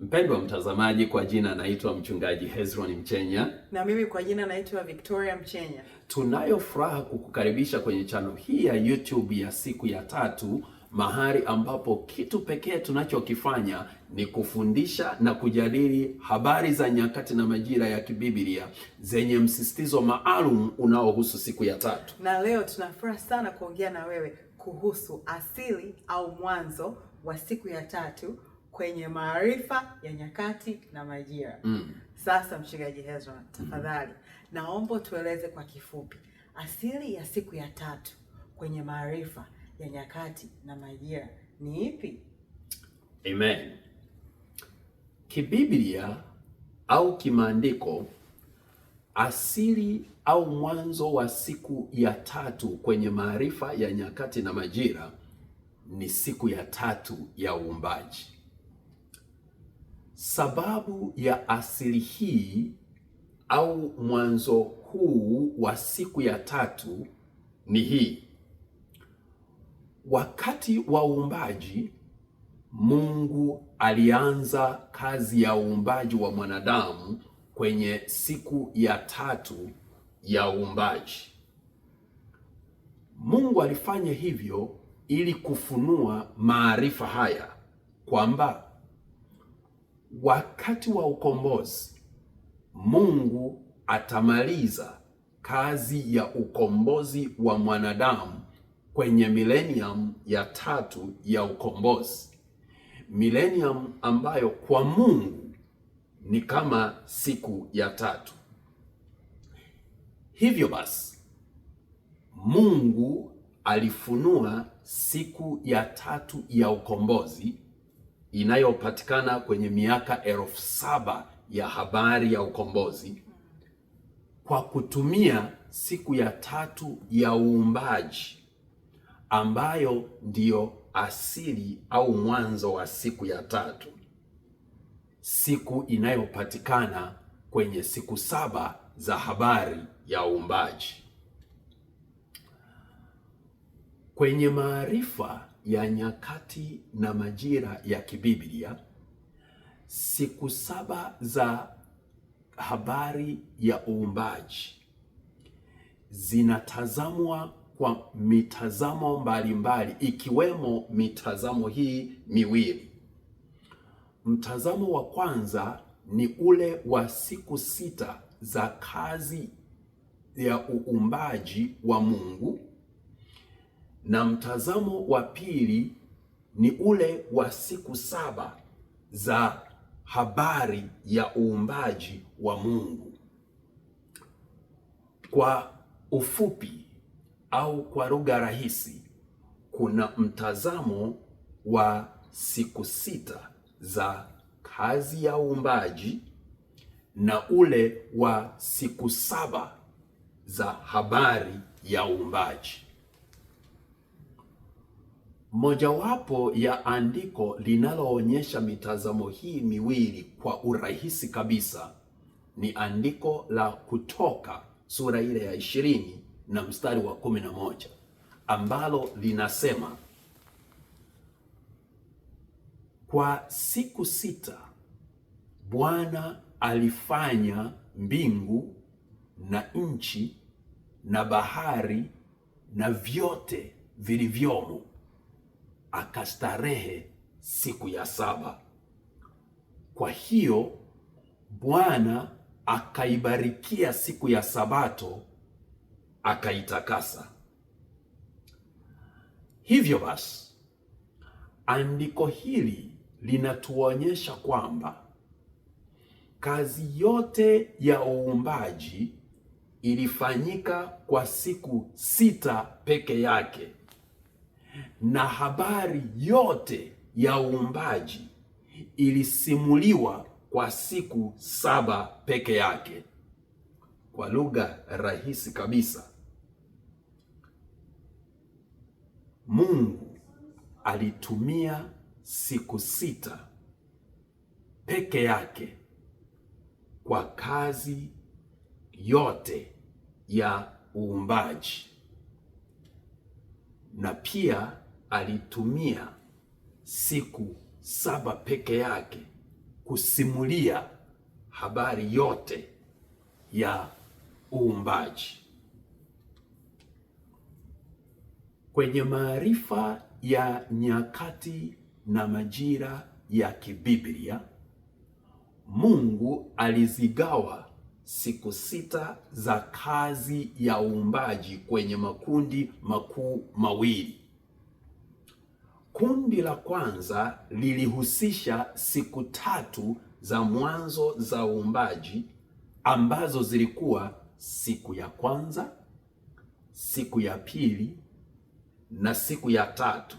Mpendwa mtazamaji, kwa jina naitwa mchungaji Hezron Mchenya, na mimi kwa jina naitwa Victoria Mchenya. Tunayo furaha kukukaribisha kwenye chano hii ya YouTube ya siku ya tatu, mahali ambapo kitu pekee tunachokifanya ni kufundisha na kujadili habari za nyakati na majira ya kibiblia zenye msisitizo maalum unaohusu siku ya tatu. Na leo tunafuraha sana kuongea na wewe kuhusu asili au mwanzo wa siku ya tatu kwenye maarifa ya nyakati na majira. Mm. Sasa mchungaji Hezron, mm-hmm. tafadhali naomba tueleze kwa kifupi asili ya siku ya tatu kwenye maarifa ya nyakati na majira ni ipi? Amen. Kibiblia au kimaandiko, asili au mwanzo wa siku ya tatu kwenye maarifa ya nyakati na majira ni siku ya tatu ya uumbaji. Sababu ya asili hii au mwanzo huu wa siku ya tatu ni hii. Wakati wa uumbaji, Mungu alianza kazi ya uumbaji wa mwanadamu kwenye siku ya tatu ya uumbaji. Mungu alifanya hivyo ili kufunua maarifa haya kwamba wakati wa ukombozi Mungu atamaliza kazi ya ukombozi wa mwanadamu kwenye milenium ya tatu ya ukombozi, milenium ambayo kwa Mungu ni kama siku ya tatu. Hivyo basi Mungu alifunua siku ya tatu ya ukombozi inayopatikana kwenye miaka elfu saba ya habari ya ukombozi kwa kutumia siku ya tatu ya uumbaji ambayo ndiyo asili au mwanzo wa siku ya tatu, siku inayopatikana kwenye siku saba za habari ya uumbaji. Kwenye maarifa ya nyakati na majira ya kibiblia, siku saba za habari ya uumbaji zinatazamwa kwa mitazamo mbalimbali mbali, ikiwemo mitazamo hii miwili. Mtazamo wa kwanza ni ule wa siku sita za kazi ya uumbaji wa Mungu na mtazamo wa pili ni ule wa siku saba za habari ya uumbaji wa Mungu. Kwa ufupi au kwa lugha rahisi, kuna mtazamo wa siku sita za kazi ya uumbaji na ule wa siku saba za habari ya uumbaji mojawapo ya andiko linaloonyesha mitazamo hii miwili kwa urahisi kabisa ni andiko la Kutoka sura ile ya ishirini na mstari wa kumi na moja ambalo linasema kwa siku sita Bwana alifanya mbingu na nchi na bahari na vyote vilivyomo akastarehe siku ya saba. Kwa hiyo Bwana akaibarikia siku ya Sabato akaitakasa. Hivyo basi, andiko hili linatuonyesha kwamba kazi yote ya uumbaji ilifanyika kwa siku sita peke yake na habari yote ya uumbaji ilisimuliwa kwa siku saba peke yake. Kwa lugha rahisi kabisa, Mungu alitumia siku sita peke yake kwa kazi yote ya uumbaji na pia alitumia siku saba peke yake kusimulia habari yote ya uumbaji. Kwenye maarifa ya nyakati na majira ya kibiblia, Mungu alizigawa siku sita za kazi ya uumbaji kwenye makundi makuu mawili. Kundi la kwanza lilihusisha siku tatu za mwanzo za uumbaji ambazo zilikuwa siku ya kwanza, siku ya pili na siku ya tatu,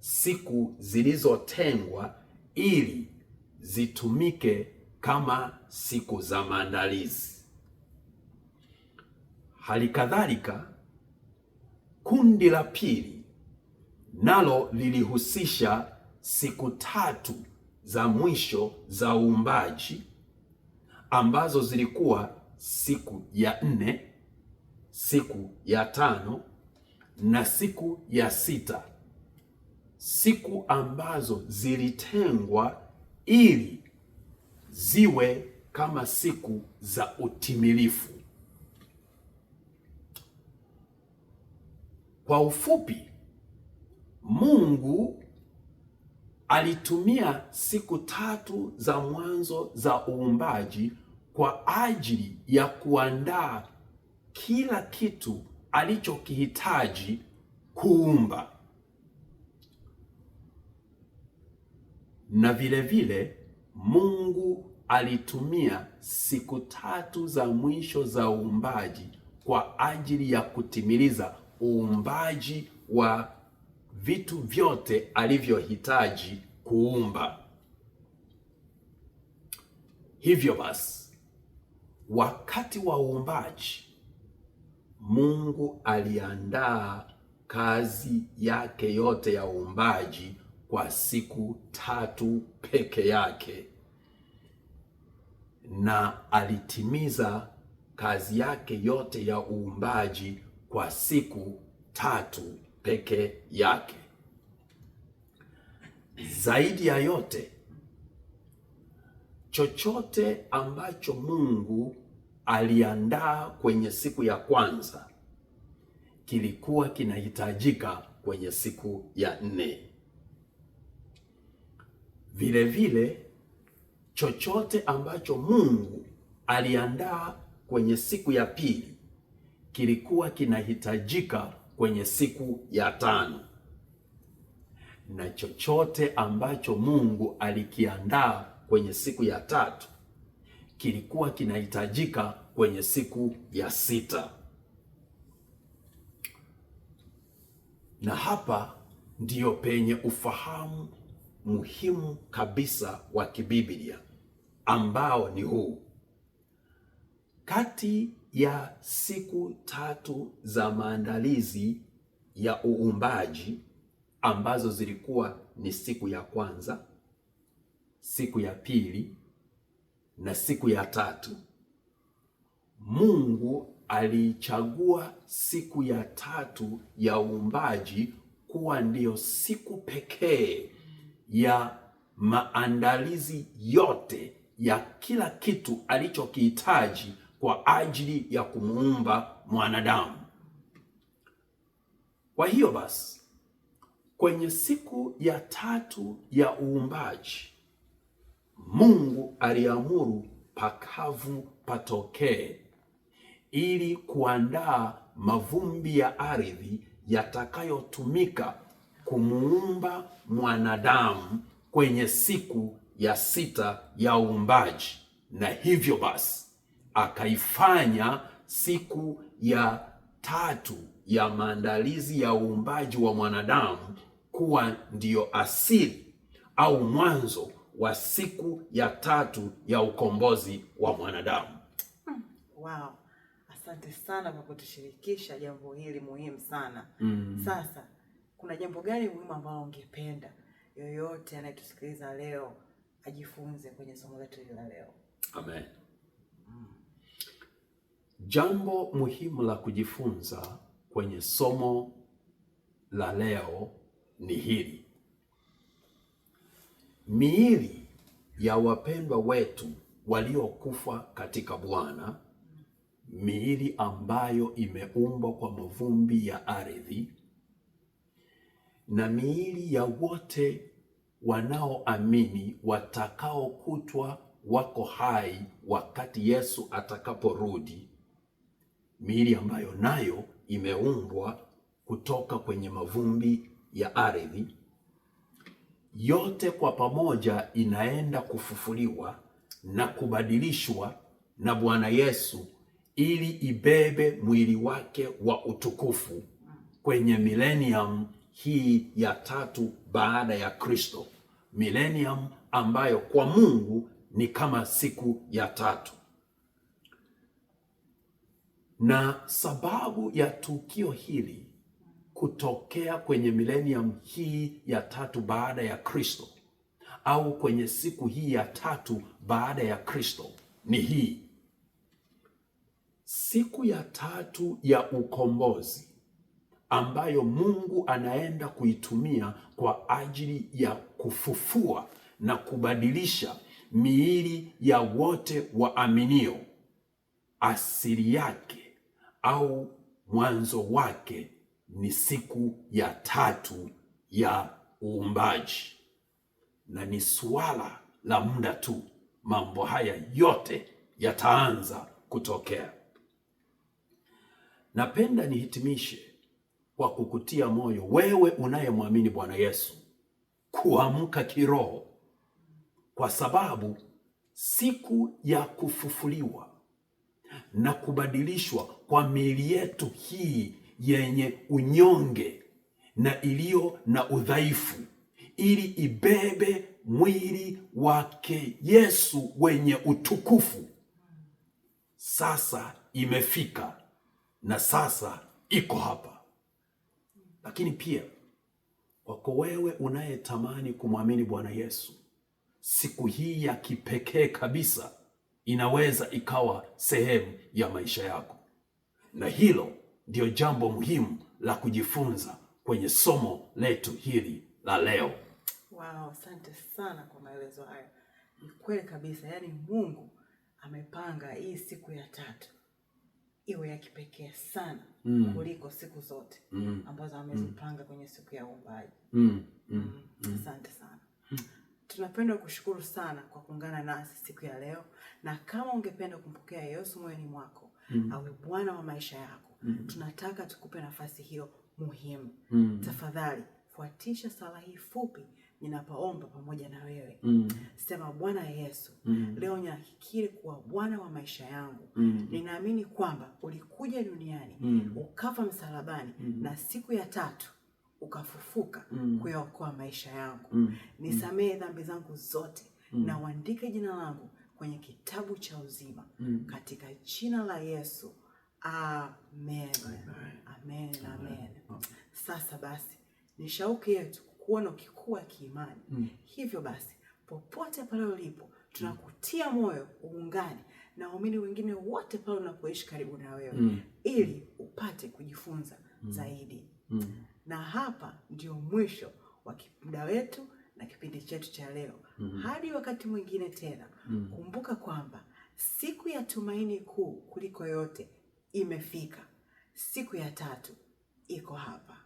siku zilizotengwa ili zitumike kama siku za maandalizi. Hali kadhalika kundi la pili nalo lilihusisha siku tatu za mwisho za uumbaji ambazo zilikuwa siku ya nne, siku ya tano na siku ya sita, siku ambazo zilitengwa ili ziwe kama siku za utimilifu. Kwa ufupi, Mungu alitumia siku tatu za mwanzo za uumbaji kwa ajili ya kuandaa kila kitu alichokihitaji kuumba na vile vile Mungu alitumia siku tatu za mwisho za uumbaji kwa ajili ya kutimiliza uumbaji wa vitu vyote alivyohitaji kuumba. Hivyo basi, wakati wa uumbaji Mungu aliandaa kazi yake yote ya uumbaji kwa siku tatu peke yake, na alitimiza kazi yake yote ya uumbaji kwa siku tatu peke yake. Zaidi ya yote, chochote ambacho Mungu aliandaa kwenye siku ya kwanza kilikuwa kinahitajika kwenye siku ya nne. Vile vile chochote ambacho Mungu aliandaa kwenye siku ya pili kilikuwa kinahitajika kwenye siku ya tano, na chochote ambacho Mungu alikiandaa kwenye siku ya tatu kilikuwa kinahitajika kwenye siku ya sita. Na hapa ndiyo penye ufahamu muhimu kabisa wa kibiblia ambao ni huu: kati ya siku tatu za maandalizi ya uumbaji ambazo zilikuwa ni siku ya kwanza, siku ya pili na siku ya tatu, Mungu aliichagua siku ya tatu ya uumbaji kuwa ndiyo siku pekee ya maandalizi yote ya kila kitu alichokihitaji kwa ajili ya kumuumba mwanadamu. Kwa hiyo basi, kwenye siku ya tatu ya uumbaji, Mungu aliamuru pakavu patokee ili kuandaa mavumbi ya ardhi yatakayotumika kumuumba mwanadamu kwenye siku ya sita ya uumbaji, na hivyo basi akaifanya siku ya tatu ya maandalizi ya uumbaji wa mwanadamu kuwa ndiyo asili au mwanzo wa siku ya tatu ya ukombozi wa mwanadamu. Hmm, wow. Asante sana kwa kutushirikisha jambo hili muhimu sana. Mm. Sasa kuna jambo gani muhimu ambalo ungependa yoyote anayetusikiliza leo ajifunze kwenye somo letu hili la leo? Amen. Mm. Jambo muhimu la kujifunza kwenye somo la leo ni hili: miili ya wapendwa wetu waliokufa katika Bwana, miili ambayo imeumbwa kwa mavumbi ya ardhi na miili ya wote wanaoamini watakaokutwa wako hai wakati Yesu atakaporudi, miili ambayo nayo imeumbwa kutoka kwenye mavumbi ya ardhi, yote kwa pamoja inaenda kufufuliwa na kubadilishwa na Bwana Yesu ili ibebe mwili wake wa utukufu kwenye milenium hii ya tatu baada ya Kristo, millennium ambayo kwa Mungu ni kama siku ya tatu. Na sababu ya tukio hili kutokea kwenye millennium hii ya tatu baada ya Kristo au kwenye siku hii ya tatu baada ya Kristo ni hii: siku ya tatu ya ukombozi ambayo Mungu anaenda kuitumia kwa ajili ya kufufua na kubadilisha miili ya wote waaminio. Asili yake au mwanzo wake ni siku ya tatu ya uumbaji, na ni suala la muda tu mambo haya yote yataanza kutokea. Napenda nihitimishe kwa kukutia moyo wewe unayemwamini Bwana Yesu kuamka kiroho, kwa sababu siku ya kufufuliwa na kubadilishwa kwa miili yetu hii yenye unyonge na iliyo na udhaifu, ili ibebe mwili wake Yesu wenye utukufu, sasa imefika na sasa iko hapa. Lakini pia wako wewe unayetamani kumwamini Bwana Yesu, siku hii ya kipekee kabisa inaweza ikawa sehemu ya maisha yako, na hilo ndio jambo muhimu la kujifunza kwenye somo letu hili la leo. Wow, asante sana kwa maelezo hayo. Ni kweli kabisa, yaani Mungu amepanga hii siku ya tatu iwe ya kipekee sana mm. kuliko siku zote mm. ambazo mm. amezipanga mm. kwenye siku ya uumbaji. mm. mm. mm. mm. Asante sana mm. Tunapenda kushukuru sana kwa kuungana nasi siku ya leo, na kama ungependa kumpokea Yesu moyoni mwako mm. awe Bwana wa maisha yako mm. tunataka tukupe nafasi hiyo muhimu mm. Tafadhali fuatisha sala hii fupi ninapoomba pamoja na wewe mm. Sema Bwana Yesu mm. Leo ninakiri kuwa Bwana wa maisha yangu mm. Ninaamini kwamba ulikuja duniani mm. ukafa msalabani mm. na siku ya tatu ukafufuka mm. kuyaokoa maisha yangu mm. Nisamehe dhambi zangu zote mm. na uandike jina langu kwenye kitabu cha uzima mm. katika jina la Yesu amen. Amen. Amen. Amen. Amen. Sasa basi ni shauki yetu kuona ukikua kiimani mm. Hivyo basi popote pale ulipo tunakutia moyo uungane na waumini wengine wote pale unapoishi karibu na wewe mm. ili upate kujifunza mm. zaidi mm. Na hapa ndio mwisho wa muda wetu na kipindi chetu cha leo mm. Hadi wakati mwingine tena mm. Kumbuka kwamba siku ya tumaini kuu kuliko yote imefika, siku ya tatu iko hapa.